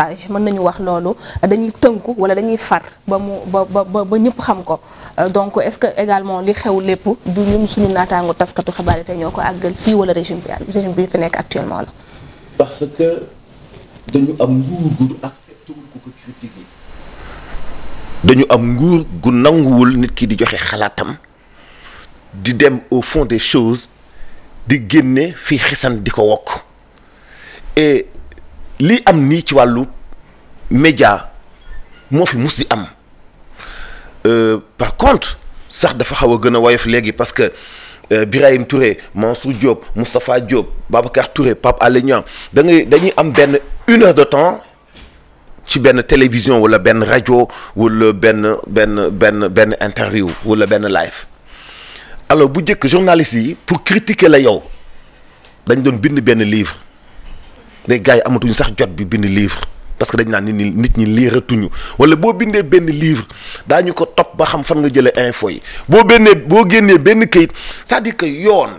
age mën nañu wax loolu dañuy tënku wala dañuy far ba mu ba ba ba ñëpp xam ko euh, donc est-ce que également li xew lépp du ñun suñu naataango taskatu xabaar yi te ñoo ko àggal fii wala régime bi régime bi fi nekk actuellement la parce dañu am nguur gu nanguwul nit ki di joxe xalaatam di dem au fond des choses di génne fii xisan di ko wokk lii am nii ci wàllu média moo fi mus di am euh, par contre sax dafa xaw a gën a woyof léegi parce que euh, Birahim Touré Mansour Diop Moustapha Diop Babacar Touré Pape Alé Niang da ngay dañuy am benn une heure de temps ci benn télévision wala benn rajo wala benn benn benn benn interview wala benn live alors bu njëkk journaliste yi pour critiquer la yow dañ doon bind benn livre léegi gars yi amatuñu sax jot bi bind livre parce que dañ naa nit ñi nit ñi liiratuñu wala boo bindee benn livre daañu ko topp ba xam fan nga jëlee info yi boo bennee boo génnee benn kayit cest dikk yoon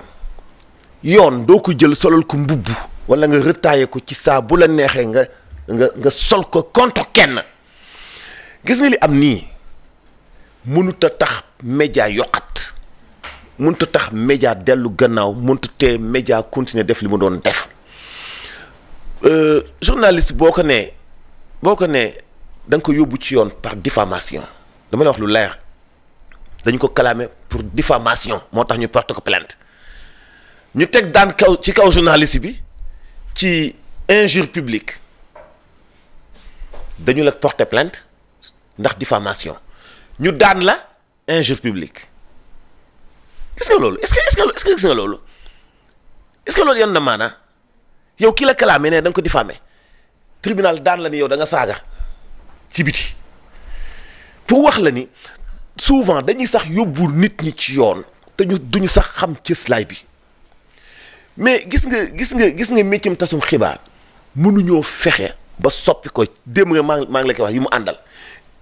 yoon doo ko jël solal ko mbubb wala nga retaillé ko ci saa bu la neexee nga nga nga sol ko contre kenn gis nga li am nii mënut a tax média yokkat mënut a tax média dellu gannaaw mënut a tee média continuer def li mu doon def Euh, journaliste boo ko nee boo ko nee da ko yóbbu ci yoon par diffamation dama la wax lu leer dañ ko clamé pour diffamation moo tax ñu porte ko plainte ñu teg daan kaw ci kaw journaliste bi ci injure publique dañu la porter plainte ndax diffamation ñu daan la injure publique gis nga loolu est-ce que est-ce que est-ce que gis nga loolu est-ce que loolu yan na maanaa yow kii la kalaamee ne da nga ko diffamé tribunal daan la ni yow da nga saaga ci biti pour wax la ni souvent dañuy sax yóbbu nit ñi ci yoon te ñu duñu sax xam cëslaay bi mais gis nga gis nga gis nga méccam tasum xibaar mënuñoo fexe ba soppi ko démb nga maa maa ngi la koy wax yi mu àndal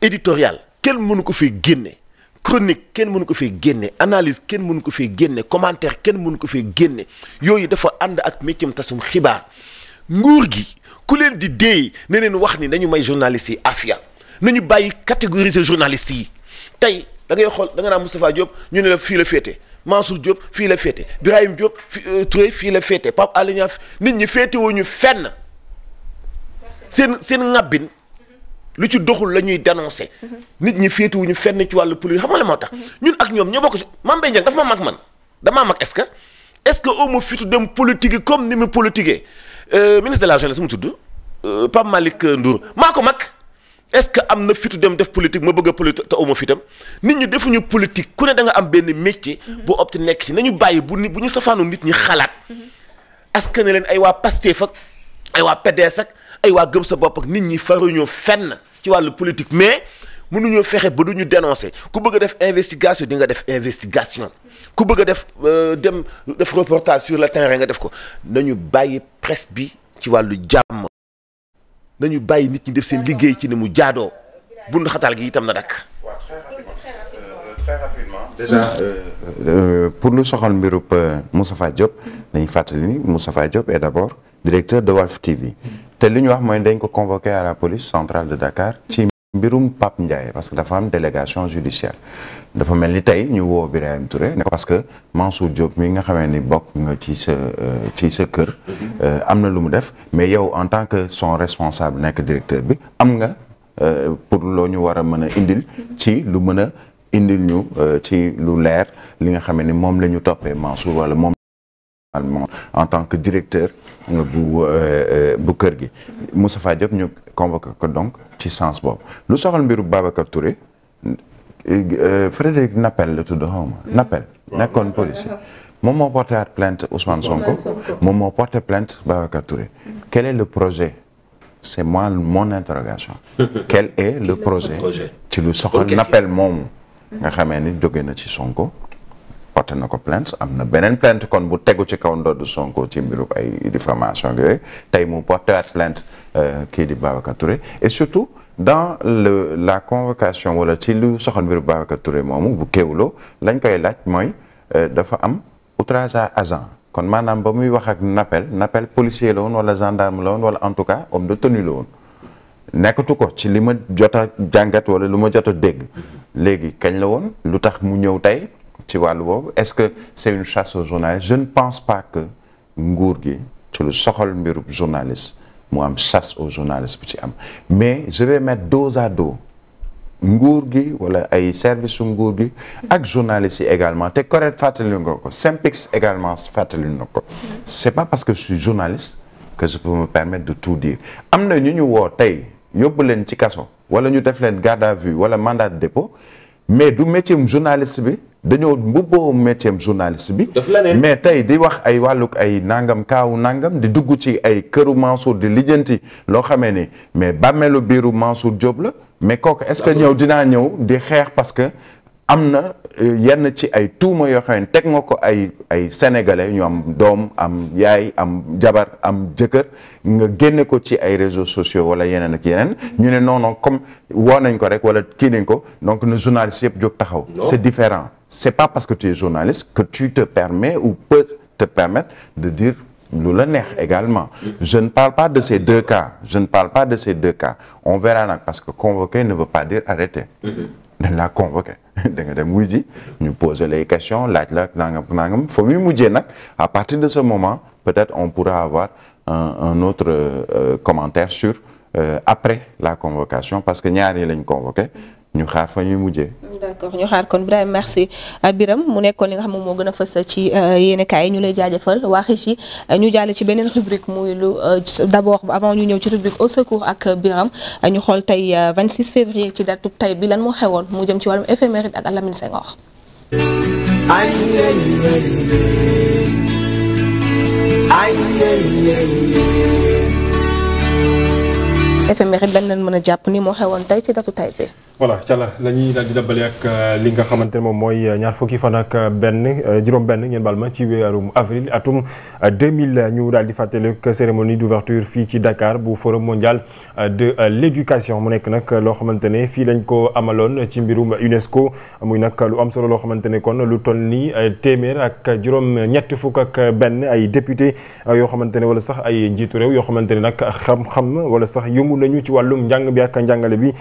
éditorial kenn mënu ko fee génne chronique kenn mënu ko fee génne analyse kenn mënu ko fee génne commentaire kenn mënu ko fee génne yooyu dafa ànd ak méccam tasum xibaar nguur gi ku leen di dee ne wax ni nañu may journalistes yi afia nañu bàyyi catégoriser journalistes yi tey da ngay xool da nga naan Moustapha ñu ne la fii la féete Mansour Diop fii la féete Birahim Diop fii euh, Touré fii la féete Pape Alé Niang nit ñi féete woo ñu fenn seen seen ŋàbbin lu ci doxul la ñuy dénoncé. nit ñi féetuwuñu fenn ci wàllu politique xam nga la moo tax. ñun ak ñoom ñoo bokk ci Mame Mbaye Niang dafa ma mag man damaa mag est-ce que est-ce que au moins fitu dem politique comme ni mu politiqué euh, ministre de la jeunesse mu tudd euh, Pape Malick Ndour maa ko mag est-ce que am na fitu dem def politique ma bëgg a politique te au fitam nit ñi defuñu politique ku ne da am benn métier. bu opté nekk ci nañu bàyyi bu ni bu ñu safaanu nit ñi xalaat. Mm-hmm. askan ne leen ay waa Pastef ak ay waa PDS ay waa gëm sa bopp ak nit ñi faruñu fenn ci wàllu politique mais mënuñoo fexe ba du ñu dénoncer ku bëgg a def investigation di nga def investigation ku bëgg a def euh, dem def reportage sur le terrain nga def ko nañu bàyyi presque bi ci wàllu jàmm nañu bàyyi nit ñi def seen liggéey ci ni mu jaadoo bund xataal gi itam na dakk très pour lu soxal mbirub euh, Moustapha Diop dañuy fàttali ni Moustapha Diop est d'abord directeur de Walf TV te li ñu wax mooy dañ ko convoqué à la police centrale de Dakar ci mbirum Pape Ndiaye parce que dafa am délégation judiciaire dafa mel ni tey ñu woo Birahim Touré ne parce que Mansour Diop mi nga xamee ni bokk nga ci sa euh, ci sa kër euh, am na lu mu def mais yow en tant que son responsable nekk directeur bi am nga euh, pour loo ñu war a mën a indil ci lu mën a indil ñu ci lu leer li nga xamee ni moom la ñu toppee Mansour wala moom allemand en tant que directeur euh, bu euh, euh, bu kër gi Moustapha Diop ñu convoqué ko donc ci sens boobu lu soxal mbiru Babacar Touré Frédéric Nappel la tudd xaw ma Nappel nekkoon policier moom moo porté at plainte Ousmane Sonko moom moo porté plainte Babacar Touré quel est le projet c'est moi mon interrogation quel est le projet ci lu soxal Nappel moomu nga xamee ni jóge na ci Sonko porté na ko plainte am na beneen plainte kon bu tegu ci kaw du sonkoo ci mbirum ay diffamation yooyu tey mu porté waat plainte euh, kii di Babacar Touré et surtout dans la convocation wala ci lu soxal mbiru Babacar Touré moomu bu Kéwoulo lañ koy laaj mooy euh, dafa am outrage à agent kon maanaam ba muy wax ak Napel Napel policier la woon wala gendarme la woon wala en tout cas homme de tenue la woon nekkatu ko ci li ma jot a jàngat wala lu ma jot a dégg léegi kañ la woon lu tax mu ñëw tey ci wàllu boobu est-ce que c'est une chasse aux journalistes je ne pense pas que nguur gi ci lu soxal mbirub journaliste mu am chasse aux journalistes bu ci am mais je vais mettre dos à dos nguur gi wala ay service su nguur gi ak journalistes yi également te correct fàttali nga ko Simpix également fàttali na ko c'est pas parce que je suis journaliste que je peux me permettre de tout dire am na ñu ñu woo tey yóbbu leen ci kaso wala ñu def leen garde à vue wala mandat de dépôt mais du métier journaliste bi dañoo mbubboo métier journaliste bi. mais tey di wax ay wàllug ay nangam kaawu nangam di dugg ci ay këru Mansour di lijjanti loo xamee ni mais bàmmeelu biiru Mansour jóob la mais kooku est-ce que ñëw dinaa ñëw di xeex parce que am na euh, yenn ci ay tuuma yoo xam ne teg nga ko ay ay sénégalais ñu am doom am yaay am jabar am jëkkër nga génne ko ci ay réseaux sociaux wala yeneen ak yeneen ñu ne noonu comme woo nañ ko rek wala kii nañ ko donc ne journaliste yëpp jóg taxaw différent c'est pas parce que tu es journaliste que tu te permets ou peut te permettre de dire lu la neex également je ne parle pas de ces deux cas je ne parle pas de ces deux cas on verra nag parce que convoquer ne veut pas dire arrêter mm-hmm. dañ laa convoqué da nga dem wuy ji ñu poser les questions laaj la nangam nangam fa muy mujjee nag à partir de ce moment peut-être on pourra avoir un, un autre euh, commentaire sur euh, après la convocation parce que ñaar yi lañ convoqué ñu xaar fa ñuy mujjee. d'accord ñu xaar kon Birame merci euh, Birame mu nekkoon li nga xam moo gën a fas ci euh, yéen kaay yi ñu lay jaajëfal waaxi ci ñu jàll ci beneen rubrique muy lu euh, d'abord avant ñu ñëw ci rubrique au secours ak Birame ñu xool tey 26 février ci datu tey bi lan moo xewoon mu jëm ci wàllum éphéméride ak Alamine Senghor. éphéméride lan leen mën a jàpp ni moo xewoon tey ci datu bi. voilà ca la la ñuy daal di dabbale ak euh, li nga xamante ne moom mooy euh, ñaar fukki fan ak euh, benn juróom-benn ngeen baal ma ci weerum avril atum ñu daal di fàtte fàttaliku cérémonie d'ouverture fii ci Dakar bu forum mondial de l'éducation mu nekk nag loo xamante ne fii lañ ko amaloon ci mbirum UNESCO muy nag lu am solo loo xamante ne kon lu ton ni téeméer ak juróom-ñett fukk ak benn ay député yoo xamante ne wala sax ay njiitu réew yoo xamante ne nag xam-xam wala sax yëngu nañu ci wàllum njàng bi ak njàngale bi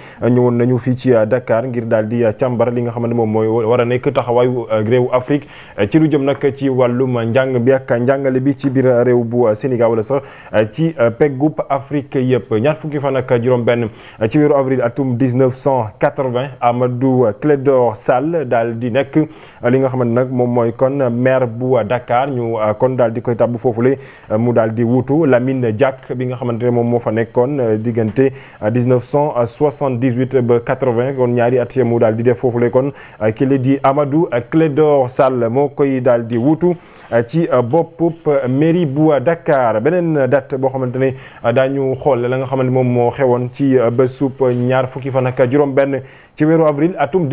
ci Dakar ngir daal di càmbar li nga xam ne moom mooy war a nekk taxawaayu euh, réewu Afrique euh, ci lu jëm nag ci wàllum njàng bi ak njàngale bi ci biir réew bu euh, Sénégal wala sax ci peggub Afrique yëpp ñaar fukki fan ak juróom-benn ci weeru avril atum 1980 Amadou Clédor Sall daal di nekk li nga xam ne nag moom mooy kon maire bu Dakar ñu kon daal di koy tàbb foofule mu daal di wuutu Lamine Diack bi nga xamante ne moom moo fa nekkoon diggante ba quatre-vingt kon ñaari at mu daal di def foofu le kon euh, ki di Amadou Clédor Sall moo koy daal di wutu euh, ci euh, bopp mairie bu Dakar beneen dat boo xamante ne daañu xool la nga xamante moom moo xewoon ci bésub ñaar fukki fan ak juróom-benn ci weeru avril atum